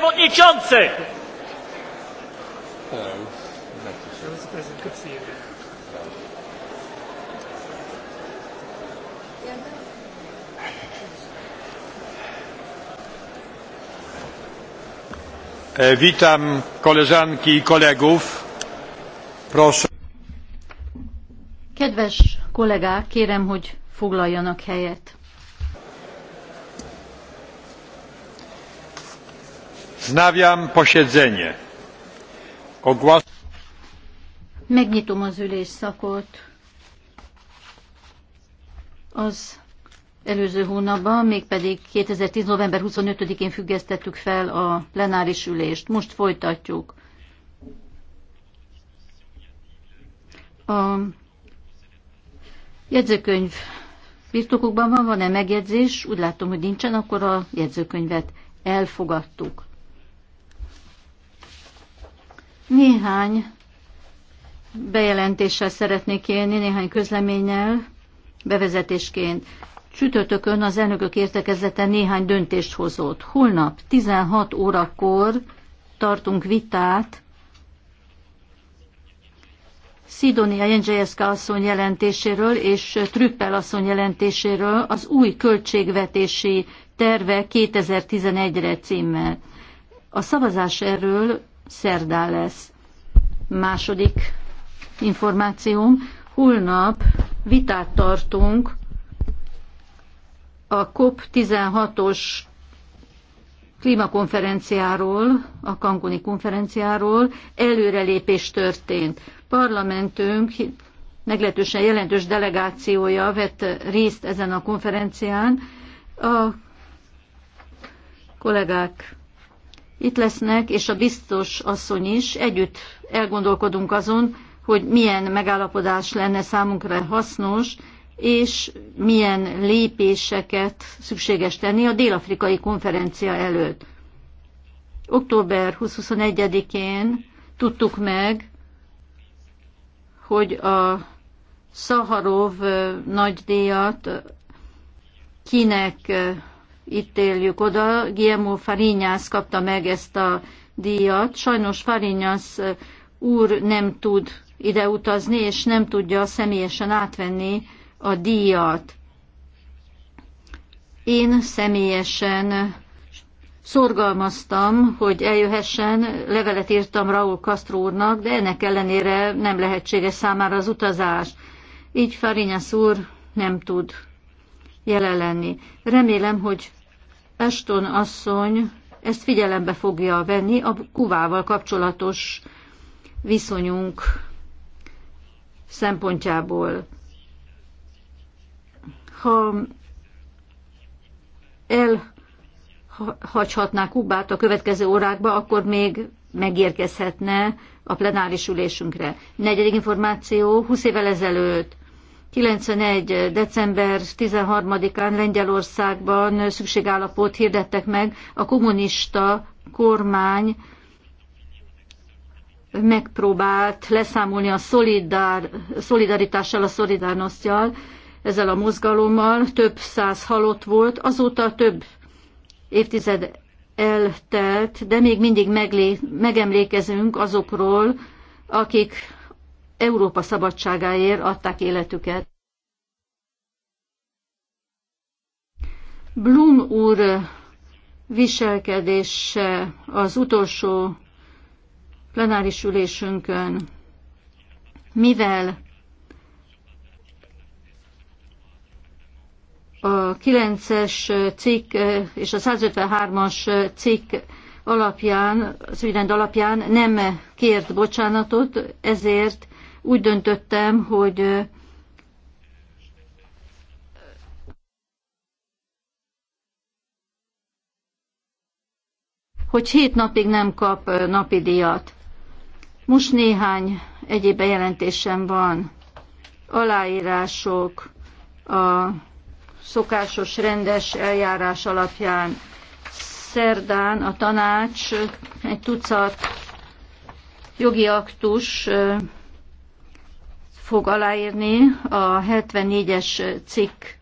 przewodniczący! E, witam koleżanki i kolegów. Proszę. Kedves kollégák, kérem, hogy foglaljanak helyet. Znawiam posiedzenie. Ogłas... Megnyitom az ülésszakot. Az előző hónapban, mégpedig 2010. november 25-én függesztettük fel a plenáris ülést. Most folytatjuk. A jegyzőkönyv birtokokban van, van-e megjegyzés? Úgy látom, hogy nincsen, akkor a jegyzőkönyvet elfogadtuk. Néhány bejelentéssel szeretnék élni, néhány közleménnyel, bevezetésként. Csütörtökön az elnökök értekezete néhány döntést hozott. Holnap 16 órakor tartunk vitát Szidonia Jendzsejeszka asszony jelentéséről és Trüppel asszony jelentéséről az új költségvetési terve 2011-re címmel. A szavazás erről szerdán lesz. Második információm, holnap vitát tartunk a COP16-os klímakonferenciáról, a Cancuni konferenciáról előrelépés történt. Parlamentünk meglehetősen jelentős delegációja vett részt ezen a konferencián. A kollégák itt lesznek, és a biztos asszony is. Együtt elgondolkodunk azon, hogy milyen megállapodás lenne számunkra hasznos, és milyen lépéseket szükséges tenni a dél-afrikai konferencia előtt. Október 21 én tudtuk meg, hogy a Szaharov nagydíjat kinek éljük oda. Guillermo Farinyász kapta meg ezt a díjat. Sajnos Farinyász úr nem tud ide utazni, és nem tudja személyesen átvenni a díjat. Én személyesen szorgalmaztam, hogy eljöhessen, levelet írtam Raúl Castro úrnak, de ennek ellenére nem lehetséges számára az utazás. Így Farinyász úr nem tud jelen lenni. Remélem, hogy Eston asszony ezt figyelembe fogja venni a kuvával kapcsolatos viszonyunk szempontjából. Ha elhagyhatná Kubát a következő órákba, akkor még megérkezhetne a plenáris ülésünkre. Negyedik információ, 20 évvel ezelőtt 91. december 13-án Lengyelországban szükségállapot hirdettek meg a kommunista kormány megpróbált leszámolni a szolidár, szolidaritással, a szolidárnosztjal, ezzel a mozgalommal, több száz halott volt, azóta több évtized eltelt, de még mindig megemlékezünk azokról, akik Európa szabadságáért adták életüket. Blum úr viselkedése az utolsó plenáris ülésünkön, mivel a 9-es cikk és a 153-as cikk alapján, az ügyrend alapján nem kért bocsánatot, ezért úgy döntöttem, hogy hogy hét napig nem kap napi díjat. Most néhány egyéb bejelentésem van. Aláírások a szokásos rendes eljárás alapján szerdán a tanács egy tucat jogi aktus fog aláírni a 74-es cikk